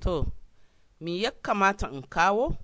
to me ya kamata in kawo